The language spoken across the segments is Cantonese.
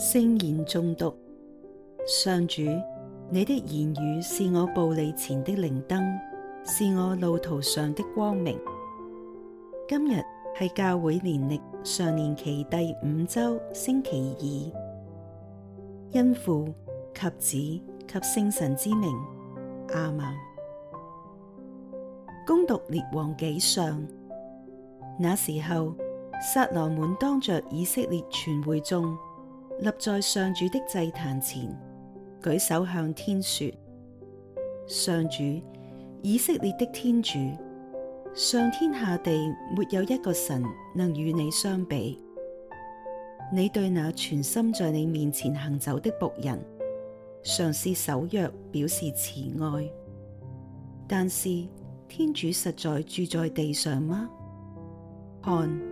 聖言誦讀，上主，你的言語是我步履前的靈燈，是我路途上的光明。今日係教會年曆常年期第五周星期二，因父及子及聖神之名，阿們。恭讀列王紀上，那時候，撒羅滿當着以色列全會眾。立在上主的祭壇前，舉手向天說：上主，以色列的天主，上天下地沒有一個神能與你相比。你對那全心在你面前行走的僕人，常是守約，表示慈愛。但是天主實在住在地上嗎？看。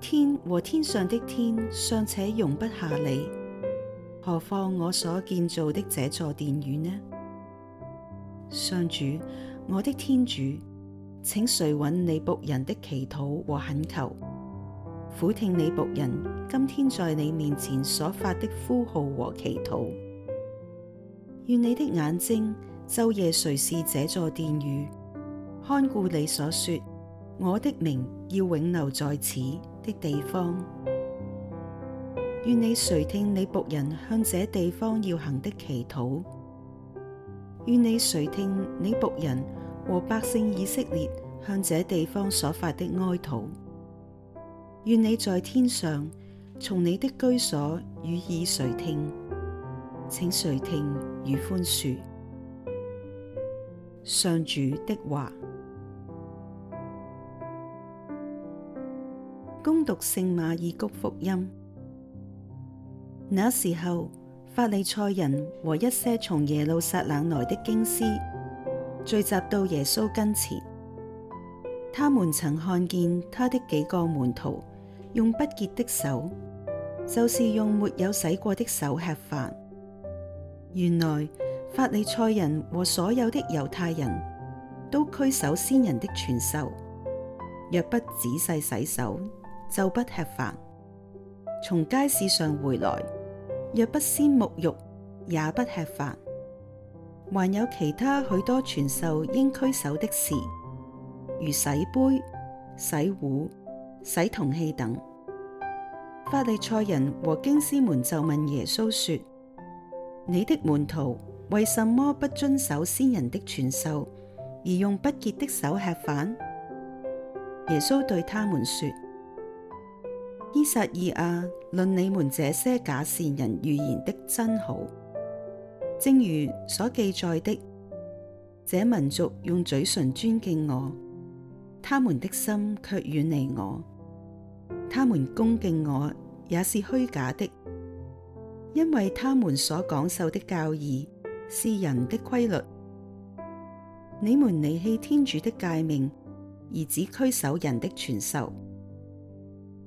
天和天上的天尚且容不下你，何況我所建造的這座殿宇呢？上主，我的天主，請垂允你僕人的祈禱和懇求，俯聽你僕人今天在你面前所發的呼號和祈禱。願你的眼睛晝夜垂視這座殿宇，看顧你所說我的名要永留在此的地方，願你垂聽你僕人向這地方要行的祈禱；願你垂聽你僕人和百姓以色列向這地方所發的哀禱。願你在天上從你的居所予以垂聽，請垂聽與寬恕。上主的話。恭讀聖馬爾谷福音。那時候，法利賽人和一些從耶路撒冷來的經師聚集到耶穌跟前。他們曾看見他的幾個門徒用不潔的手，就是用沒有洗過的手吃飯。原來法利賽人和所有的猶太人都拘守先人的傳授，若不仔細洗手。就不吃飯。從街市上回來，若不先沐浴，也不吃飯。還有其他許多傳授應拘守的事，如洗杯、洗壺、洗銅器等。法利賽人和經師們就問耶穌說：你的門徒為什麼不遵守先人的傳授，而用不潔的手吃飯？耶穌對他們說。依撒意亞論你們這些假善人預言的真好，正如所記載的，這民族用嘴唇尊敬我，他們的心却遠離我，他們恭敬我，也是虛假的，因為他們所講授的教義是人的規律。你們離棄天主的誡命，而只拘守人的傳授。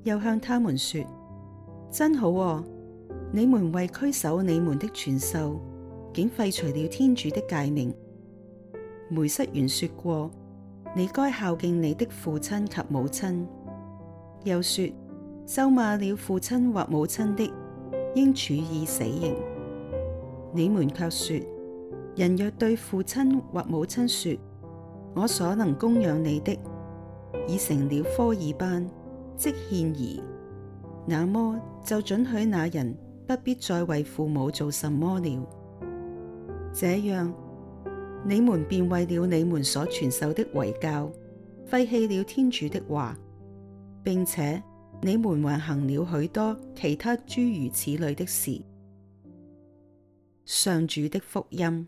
又向他們說：真好啊，你們為拘守你們的傳授，竟廢除了天主的誡命。梅瑟原說過：你該孝敬你的父親及母親。又說：咒罵了父親或母親的，應處以死刑。你們却說：人若對父親或母親說：我所能供養你的，已成了科爾班。即獻儀，那麼就准許那人不必再為父母做什麼了。這樣，你們便為了你們所傳授的遺教，廢棄了天主的話，並且你們還行了許多其他諸如此類的事。上主的福音。